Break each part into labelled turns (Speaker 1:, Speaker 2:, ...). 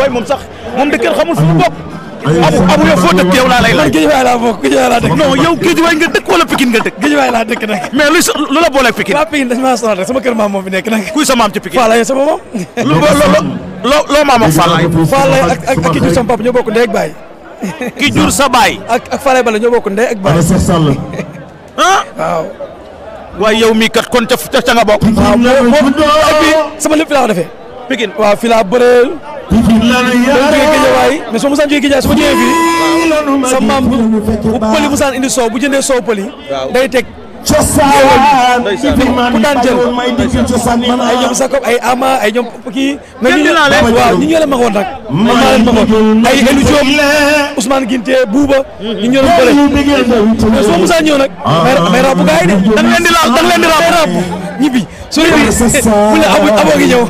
Speaker 1: way mom sax mom de kenn xamul fu bok abu abu yow foo dëkk yow la lay lay géej waay laa bokk géej waay laa dëkk non yow géej waay nga dëkk wala pikine nga dëkk géej waay laa dëkk nag mais lu lu la bolé pikine la pikine dañ ma sonal rek sama keur mam mo fi nek nak kuy sa mam ci pikine lay sama mom lu lo lo mam ak fa lay ak ak ki jur sama papa ñoo bok ndé ak bay ki jur sa bay ak ak lay bala ñoo bok ndé ak bay ah waaw way yow mi kat kon ca ca nga bok sama lepp la laa pikine wa fi la beurel dama jógee Géejawaay mais su ma mosaan jógee ma ñëwee fii sa maam bu pëli mosaan indi soow bu jëndee soow pëli day teg cosaan ku daan jël man ay ñoom Sakop ay Ama ay ñoom kii. kenn dinaa leen waaw ñi ñu leen maxoon nag. maa leen ay Elou Diop Ousmane Ginte ñi ñu leen bële. mais soo musaa ñëw nag. Ah. may may ràpp de. da nga laal da nga leen di ràpp. ñibbi. soo ñibbi mu ne amoo amoo ngi ñëw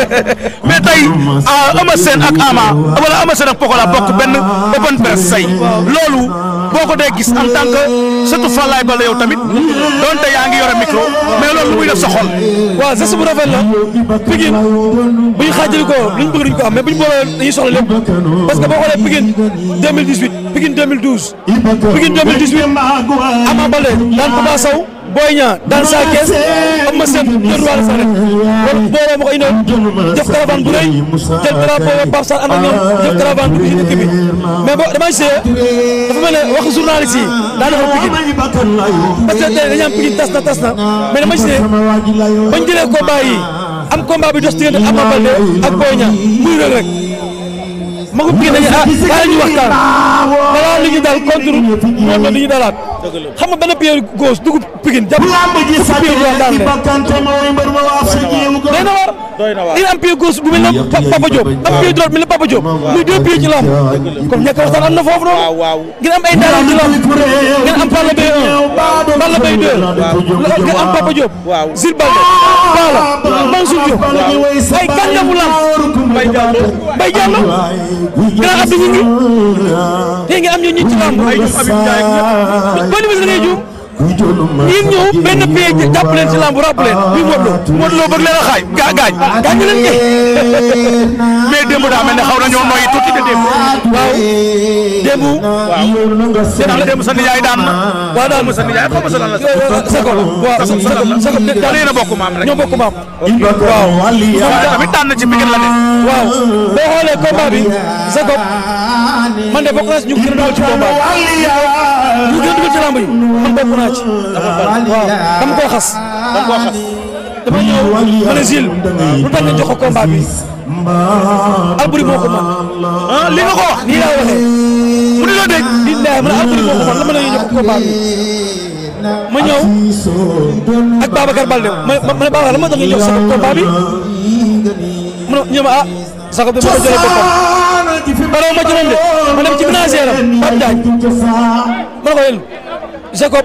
Speaker 1: mais tey ah, Eumeu Sène ak Ama wala Eumeu Sène ak Pokola bokk benn open press say loolu boo ko dee gis en tant que surtout Fallaye Balla tamit donte yaa ngi yore micro mais loolu lu muy def sa xol. waaw geste bu rafet la Pikine bu ñu xaajali ko luñ bëgg duñ ko am mais bu ñu boole dañuy soxla lépp parce boo xoolee Pikine 2018 Pikine 2012 Pikine daan ko booy Niang daan Sa Thiès am ma seen jël wàllu sa rek loolu boole ma ko indoon def caravane bu rëy jël drapeau ba Pape Sarr ànd ak ñoom def caravane bu indi dëkk bi mais boo damaa gisee dafa mel ne waxu journaliste yi daa defar Pikine mais dama gisee bañ jëlee combat yi am combat bi dos diggante Ama Baldé ak Boy Niang muy rëg rek ma ko Pikine dañuy ah ñu waxtaan balaa li ñu dal contre moom la li dalaat xam nga benn pied gauche dugub Pikine jàpp. daan leen doy na war doy na war il am pied gauche bu mel ne Papa Diop am pied droit Papa Diop muy deux pieds ci lamb kon ñàkk waxtaan am na foofu noonu ngir am ay daara ci lamb ngeen am Balla Gaye 1 Balla Gaye 2 ngeen am Papa Diop Jules Baldé Balla Mansour Diop ay kàngamu lamb Mbaye Diallo Mbaye Diallo grand am ñu ñu ci lamb ay Abib Ndiaye ñun ñëw benn paie jàpp leen ci lamb ràpp leen ñu Modou Lo Modou Lo bëgg leen a xaaj gaa gaañ gaañ leen ñi mais ne xaw na ñoo noyyi tuuti de démb. waaw démb. waaw te ndax la da leen a bokk maam rek ñoo bokk maam. waaw. waaw tamit daan na ci Pikine la de. waaw boo xoolee combat bi sa ko man de bokk naa si ñu gën a daw ci combat ñu gën a dugal ci lamb yi man bokk naa naaj. dama koo xas dama koo xas. dama ñëw ma ne Gilles lu tax nga jox ko combat bi Alboury moo ko mën ah li nga ko wax nii laa waxee mu di la dégg di dee ma ne Alboury moo ko mën la ma lay jox ko combat bi ma ñëw ak Babacar Balde ma ma ma ne Babacar la ma doon jox sama combat bi mu ne ñu ma ah sax bi ma ko jëlee boppam baraw ma jëloon de ma dem ci ménagère am Pape Diagne ma ne ko yéen Jacob.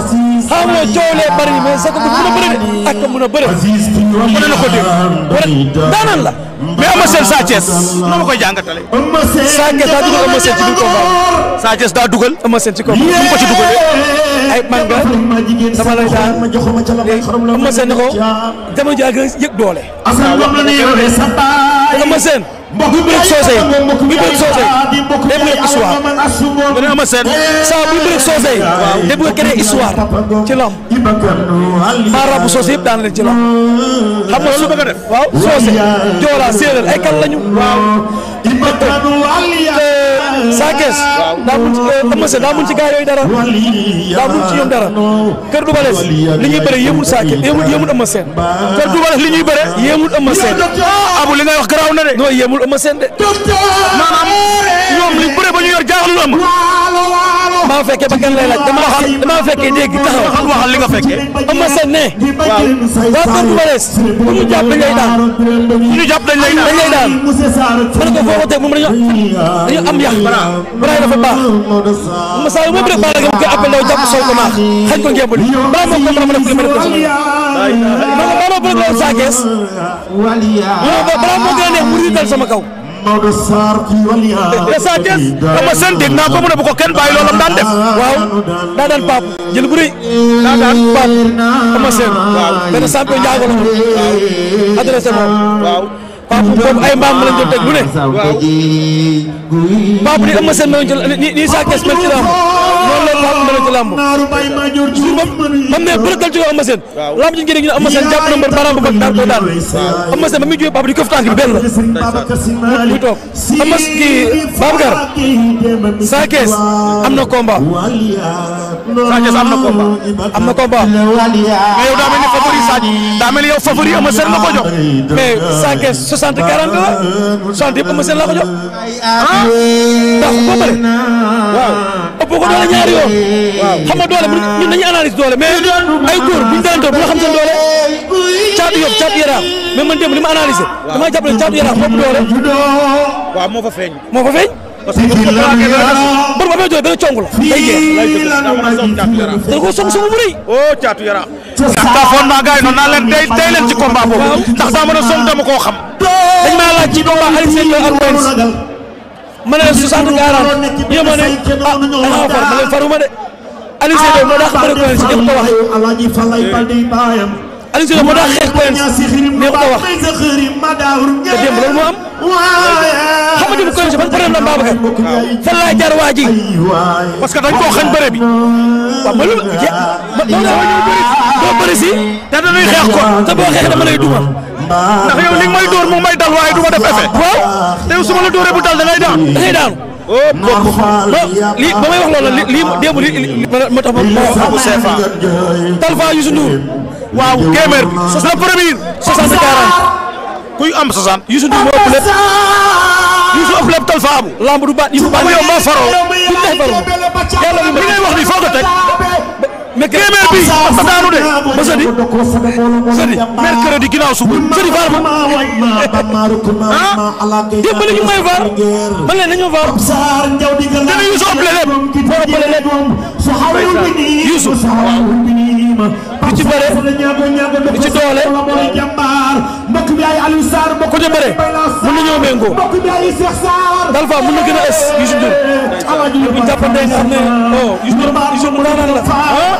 Speaker 1: así. xam nga coow lee bari mais Zarko dafa mën a bëri ak mën a bëri ko dégg war daanaan la mais Eumeu Sène Sa Thiès na ma koy jàngatale Sa Thiès daa dugal Sa Thiès daa dugal Eumeu Sène ci combat mu ko ci dugalee ay man nga dama lay daan léegi Eumeu Sène ne ko jamono jaa gën a yëg doole Eumeu Sène buy bëreeg soose yi buy bëreeg soose yi day bëreeg histoire. nga ne Eumeu Sène saa buy bëreeg soose yi day bëgg a ci lamb maaraabu soose yëpp daan leen ci lamb xam nga lu bëgg a def waaw soose joola séeréer ay kan lañu waaw eh, saa kees daa mun ci ëmmase eh, daa mun ci gaa yooyu dara daa mun ci ñoom dara kër du balees li ñuy bëre yéemul saa kees yéemul yéemul ëmma seen
Speaker 2: kër du balees li ñuy bëre yéemul ëmma abu li ngay wax garaaw
Speaker 1: na de non yéemul ëmma seen de maanaam ñoom li bëre ba ñu yor jaaxalul ëmma damaa fekkee ba kan lay laaj dama xam damaa fekkee dégg taxaw. xam waxal li nga fekkee. Eumeu Sène ne. waaw waa Kër Mbales. bu ñu jàpp dañ lay daan. bu ñu jàpp dañ lay daan dañ lay daan. ma ne ko foo ko teg moom dañoo dañoo am yàq. balaa dafa baax. Moussa yi moom rek baala nga koy appelé wu jàpp sol ko maax xañ ko ngemb li baa moo ko mën a mën a fi mën a ko ma ne ko balaa moo bëgg a neex mu riital sama kaw. Maodo Sarr kii wàllu eh, eh, sa Thiès dama seen dégg naa ko mu bu ko kenn bàyyi loolam daan def. waaw daa daan paap jël bu rëy daa daan paap dama seen. waaw benn sampe njaago la moom. adressé moom. waaw paap boobu ay mbaam lañ doon teg lu ne. waaw paap ni am na seen mën a jël nii nii sa Thiès mel ci laa loolu la Pape Ndoye ci làmb jour ba mu ne bëri dal ci kaw Eumeu Sène làmb ji ngeen gis ne Eumeu Sène jàpp na mbër baaraam bu mag daan ko daan Eumeu Sène ba muy jógee Pape di këf tànk bi benn la muy toog Eumeu kii Babacar saa kees am na combat saa kees am na combat am na combat mais yow daa mel ni favori Sadio daa mel ni yow favori Eumeu Sène la ko jox mais saa kees 60 40 la 60 yëpp Eumeu Sène la ko jox ah ndax boo bëri waaw ëpp ko doole ñaari yoon xam nga doole ñun dañuy analyse doole mais ay góor bu ñu daanantoo bu nga xam seen doole caatu yob caatu yaraax mais man démb li ma analysé damaa jàpp ne moo fa feeñ. moo fa feeñ. parce que bu ma ko ba doole da nga cong la. day ko song song bu rëy. oh caatu yaraax. ndax day day leen ci ndax daa mën a dama koo xam. ma ne 60 40 yow ma ne ah dama far ma ne faruma de Aliou Seydou moo tax bëri Quench ñëpp ko waxee. Aliou Seydou moo tax xeex Quench ñëpp ko wax te démb loolu moo am. xam nga ni Quench ban problème la Babacar fan laa jaar waa ji parce que dañ koo xañ bëre bi. waaw ma lu ma doo bëri si. te dañuy xeex kon te boo xeex dama lay dugal. ndax yow li nga may dóor moom may dal waaye du ma def effet. waaw te yow su la dóoree bu dal da ngay daanu. da ngay daanu. oh kooku lii ba may wax lii démb li li ma tax ma ma wax Abou Sefa. Talfa Youssou Ndour. waaw téeméer bi. le premier. 60 40. kuy am 60. Youssou Ndour moo ëpp lépp. Youssou ëpp lépp du baat Youssou baat yow maa faroo. du def wax ni foo ko mais téeméer bi dafa daanu de ba sëdi sëdi mercredi ginnaaw suba sëdi vaar ma ah démb la ñu may vaar man leen nañu vaar dana Youssou appelé lépp foo appelé lépp Youssou waaw ci bëre di ci doole côté bëre mën na ñëw méngoo dal fa mën na gën a ës Youssou Ndour ñu jàppante xam ne oh Youssou Ndour Youssou Ndour daanaan la ah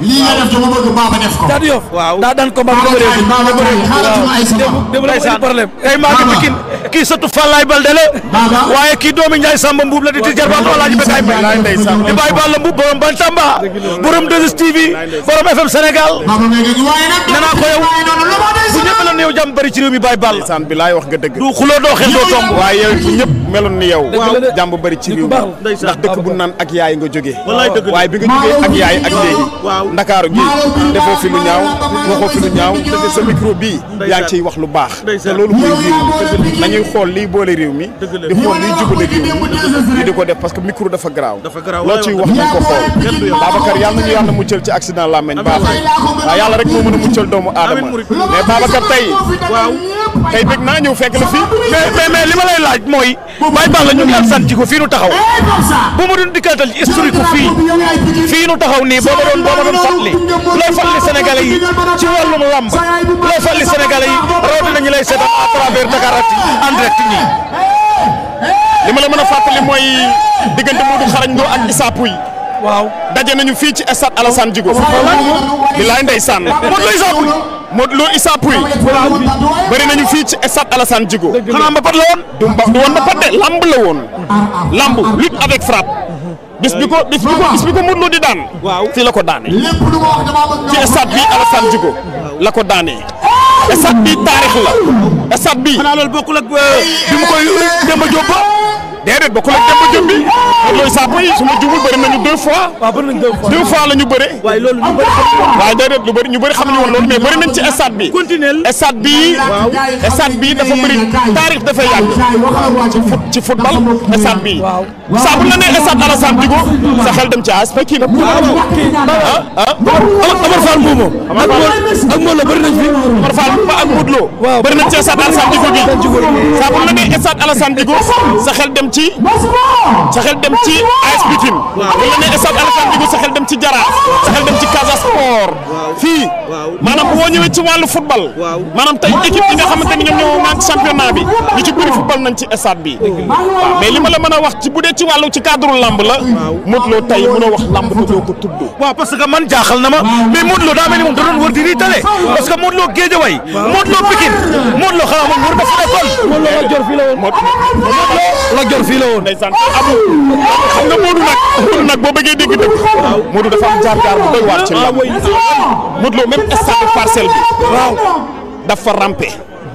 Speaker 1: lii nga def dama bëgg baaba def ko. Daadu Yoff daa daan waaw démb démb problème. tey maa ngi Pikine kii sëtu Fallaye Balde la. waaye kii doomi Ndiaye Samba Mbuub la di di jarbaatu Alaaji Bekkaay Mbay di bàyyi Balla Mbuub borom Bantamba borom 2STV borom FM saan bi laay wax nga dëgg. du xuloo doo xel doo waaye yow bu ñëpp meloon ni yow. jàmm bëri ci réew mi ndax dëkk bu naan ak yaay nga jógee. waaye bi nga jógee ak yaay ak léegi ñaaw ndakaaru gi defoo fi lu ñaaw waxoo fi lu ñaaw sa micro bii yaa ngi ciy wax lu baax te loolu mooy réew nañuy xool liy boole réew mi di xool liy jubale réew mi di ko def parce que micro dafa garaaw loo ciy wax nañ ko xool Babacar yàlla nañu yàlla muccal ci accident làmmeñ baax waaw yàlla rek moo mën a muccal doomu aadama mais Babacar tey tey bëgg naa ñëw fekk la fii. mais mais li ma lay laaj mooy. Baye Balla ñu ngi ak sant ko fii nu taxaw. bu ma doon dikkaatal historique fii fii nu taxaw nii boo ma doon boo ma doon fàttali looy fàttali Sénégalais yi ci wàllum lamb looy fàttali Sénégalais yi rawatina ñu lay seetaan à travers Dakaractu en direct li ma la mën a fàttali mooy diggante Modou Xarañ Lo ak Issa Pouye. waaw daje nañu fii ci stade Alassane Djigo. bilaay ndeysaan Modou Lo Issa Pouye Modou Lo Issa Pouye bëri nañu fii ci stade Alassane Djigo xanaa mbapat la woon du mba du woon mbapat de lamb la woon lamb lutte avec frappe bis bi ko di daan fii la ko daane ci stade bi Alassane Djigo la ko daanee stade bi taarix la bi xanaa loolu bokkul ak euh, bi mu koy Demba Diop déedéet ba ku la dem ba jëm bi mooy saako yi su ma jubul bëri nañu deux fois. waaw bëri nañu deux fois deux fois la ñu bëre. waaye loolu ñu bëri xam nañu waaye déedéet lu bëri ñu bëri xam nañu woon loolu mais bëri nañ ci stade bi. continuel stade bi stade bi dafa bëri taarix dafay yàgg. ci foot ci football stade bi. waaw saa bu la nee stade Alassane Djigo sa xel dem ci aspect kii. waaw ah ah. Amar Fall Mbomo. Amar Fall ak Mawla bëri nañ fi. Amar Fall ak Modou Lo. waaw bëri nañ ci stade Alassane Djigo gi. saa bu la nee stade Alassane Djigo sa xel dem ci. sa xel dem ci AS Pikine. bu la nee stade Alassane Djigo sa xel dem ci Jaraaf. sa xel dem ci Casa maanaam boo ñëwee ci wàllu football. maanaam tey équipe yi nga xamante ni ñoom ñoo naan championnat bi ñu ci bëri football nañ ci stade bi. waaw li ma la mën wax ci bu dee ci wàllu ci cadre lamb la. waaw Modou Lo tey a wax lamb te doo ko tudd. waaw parce man jaaxal na ma mais Modou Lo daa mel ni moom da doon wër di riitale. parce que Modou Lo Guédiawaye. waaw Modou Lo Pikine. Modou Lo xanaa moom wër dafa nekkoon. Modou Lo la jor fii la woon. Modou Lo la jor fii même stade parcelle dafa rampe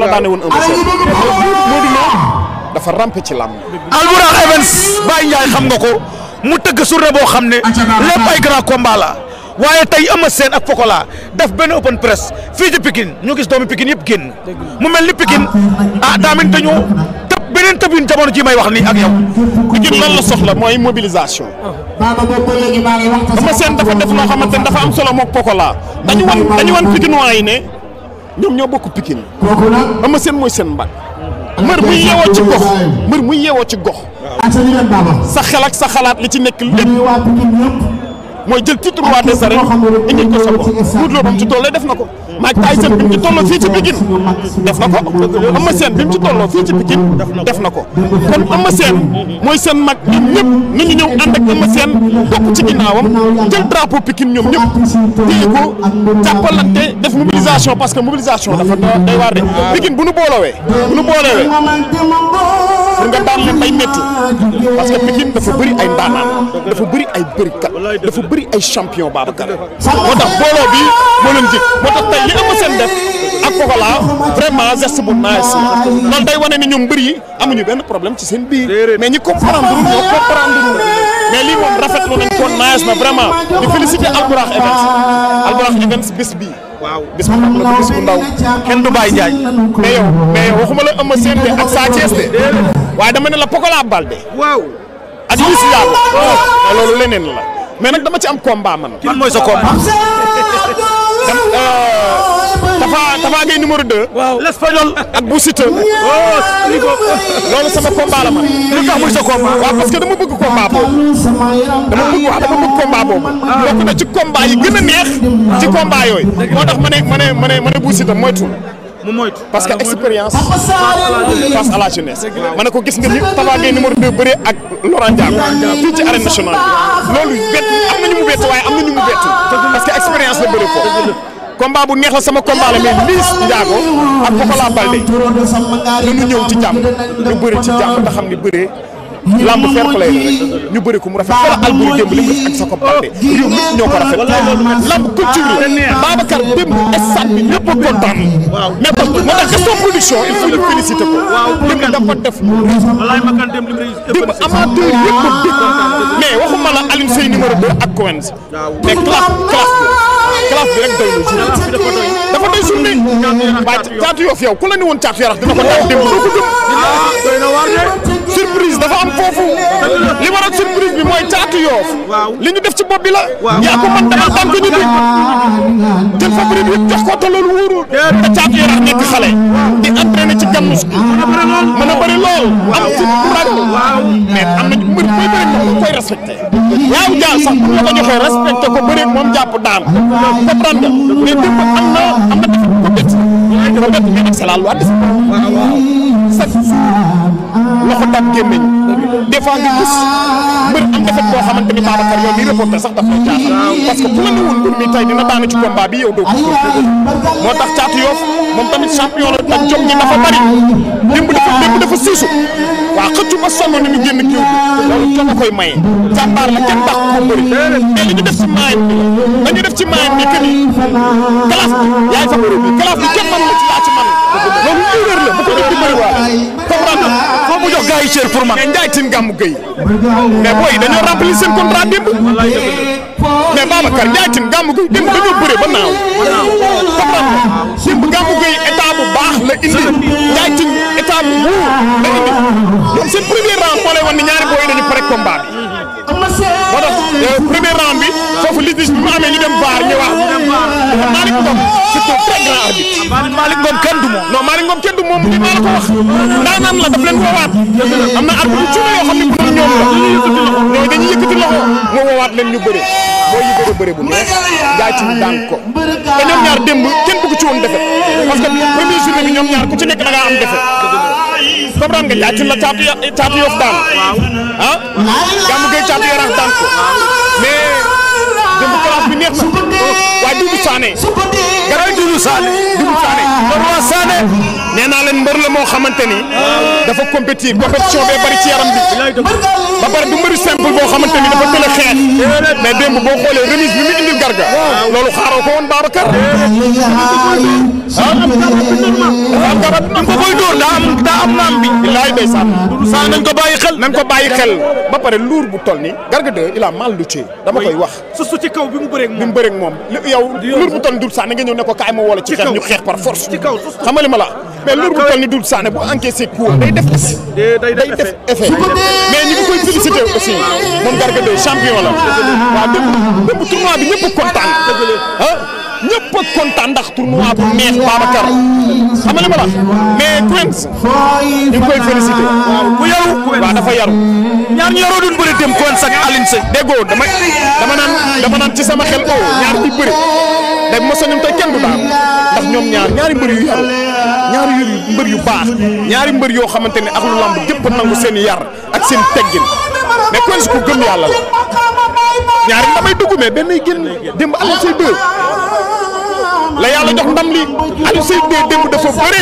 Speaker 1: la daane woon un monsieur Modou Lo dafa rampe ci làmb Albourakh Events Baye Ndiaye xam nga ko mu tëgg journée boo xam ne lépp ay grand combat la waaye tey Eumeu Sène ak Pokola def benn open press fii ci Pikine ñu gis doomi Pikine yëpp génn mu mel ni Pikine ah daamin dañu tëb beneen tëb yu jamono ji may wax nii ak yow Pikine lan la soxla mooy mobilisation Eumeu Sène dafa def loo xamante ne dafa am solo mook Pokola dañu dañu wan Pikinois yi ne ñoom ñoo bokk Pikine kooku nag Eumeu Sène mooy seen mbag mbër muy yeewoo ci gox mbër muy yeewoo ci gox ak sa yeneen baaba sa xel ak sa xalaat li ci nekk lépp mooy jël titre roi des arènes indi ko sa bopp Modou Lo bam ci doole def na ko Mike Tyson bi mu ci tolloo fii ci Pikine def na ko Eumeu Sène bi mu ci tolloo fii ci Pikine def na ko kon Eumeu Sène mooy seen mag ñoom nañu ñëw ànd ak Eumeu Sène topp ci ginnaawam jël drapeau Pikine ñoom ñëpp téye ko jàppalante def mobilisation parce que mobilisation dafa day waar de Pikine bu nu boolowee bu nu boolowee nga daan leen day métti parce que Pikine dafa bëri ay ndaanaan dafa bëri ay bërikat dafa bëri ay champion Babacar moo tax booloo bi moo leen jik moo tax tey li am seen def ak Pokola vraiment geste bu nice loolu day wane ni ñoom mbër amuñu benn problème ci seen biir mais ñi comprendre ñoo comprendre mais lii moom rafetlu nañ ko nice na vraiment di féliciter Albourakh Events bis bii bis bu la bis bu ndaw kenn du bàyyi Njaay mais yow mais waxuma la Eumeu Sène de waaye dama ne la Pokola Balde. waaw. ak Youssou ah! Diallo. waaw loolu leneen la mais nag dama ci am combat man. man mooy sa euh, ak bu Siteu. Oh, loolu sama combat la man. lu sa combat. waaw parce dama bëgg combat dama bëgg wax dama ah. na ci combat yi gën a neex. ci combat moo tax ma ne ma ne mu parce que expérience face à la jeunesse ma ne ko gis nga ni Tapha Gueye numéro 2 ak Laurent Ndiago fii ci arène nationale loolu bett am na ñu mu bett waaye am na ñu mu bett parce expérience la bëri foofu bu neex la sama combat la mais Liss Ndiago ak Pokola Baldé ñu ñëw ci jàmm ñu bëri ci jàmm te xam ni bëree lamb fair play la ñu bëri ko mu rafet wala Alboury démb li mu def ak sa compante réew ñëpp ñoo ko rafet lamb culture la Babacar démb stade bi ñëpp a kontaan mais parce que moo tax Gaston production il faut ñu féliciter ko démb dafa def démb amateur yëpp a dégg mais waxuma la Alioune Seye numéro 2 ak Coens mais classe classe classe bi rek doy na dafa doy journée waaye caatu yoof surprise dafa am foofu li war a surprise bi mooy caatu yoof li ñu def ci bopp bi la yaa ko man dama tànk ñu bi jël fa bëri bi jox ko te loolu wóorul te caatu mën a bëri lool am ci rag am na mbër koy bëri ma ko joxee respecté ko bëri moom jàpp daan comprendre nga mais démb am na am na dafa ko bett ko chaque jour loxo dab gémmiñ des fois nga gis mbër am defet boo xamante ni Babacar yow mii reporter sax daf lay jaaxal parce que bu la ne woon mbir mi tey dina daanu ci combat bi yow doo ko moo tax caatu moom tamit champion la ndax jom ji dafa bari démb dafa démb dafa siisu waaw xëccu ba sonn ni mu génn kiw bi loolu jom a koy maye jàmbaar la kenn tax ko bëri mais li ñu def ci maayam bi la dañu def ci maayam bi que ni classe bi yaay fa bëri bi classe bi kenn mën la ci laa ci man loolu erreur la bu ko def di bëri waa comprendre foo man mais Ndiaye Tine Gamou Gueye mais booy dañoo remplir seen contrat démb mais Babacar Ndiaye Tine Gamou Gueye démb dañoo bëree ba naaw indi Ndiaye Tine état bu la indi moom seen premier round moo lay wan ni ñaari booy dañu pare combat bi. moo tax euh, premier round bi foofu litige bi mu amee ñu dem VAR ñëwaat Malick Ngom surtout très grand arbitre. Malick Ngom kenn du moom. non Malick kenn du moom dinaa la ko wax. daan naan la daf leen woowaat. am na arbitre yu ci yoo xam ne bu doon ñoom la. ñoom même ñu bëre boo ñu bëre bëre bu neex ko te ñoom ñaar démb kenn bëgg ci woon defet parce que ñoom ñaar ku ci nekk da ngaa am defet comprendre nga jaay ci la caatu caatu yof daan ah gàmmu gay caatu yaraax daan ko démb place bi neex na waaye Doudou Sané. garay Doudou Sané Doudou Sané. Doudou waa Sané. nee naa leen moo xamante ni. dafa compétir compétition bee bari ci yaram bi. ba pare du mbëri simple boo xamante ni dafa tële xeex. mais démb boo xoolee remise garga loolu xaaroo ko woon Babacar am garab am ko koy dóor daa am daa am naam bi bilaay saa nañ ko bàyyi xel nañ ko bàyyi xel ba pare luur bu toll ni garga de il a mal lutté dama koy wax su ci kaw bi mu bëreeg moom bi moom yow luur bu toll ni dul saa na nga ñëw ne ko kaay ma wala ci xeex ñu xeex par force xam nga li ma la mais loolu bu ah, toll ni Doudou Sané bu encaissé coup day def aussi day def effet mais ñi ngi koy moom Garga 2 champion la waaw démb démb tournoi bi Kontan, kontaan ah ñëpp kontaan ndax tournoi bu neex Babacar xam ma mais Prince ñu koy félicité ku yaru waaw dafa yaru ñaar ñu yaroo doon bëri dem Prince ak Aline Sey déggoo dama dama naan dama naan ci sama xel oo oh, ñaar di bëri day mosa ñoom tey kenn du daal ndax ñoom ñaar ñaari mbër yu yaru ñaari mbër yu baax ñaari ak lu lamb jëpp nangu seen yar ak seen nekkoon si ku gëm yàlla la ñaari damay dugg mais benn génn démb Alioune Seye 2 la yàlla jox ndam li Alioune Seye 2 démb dafa bëre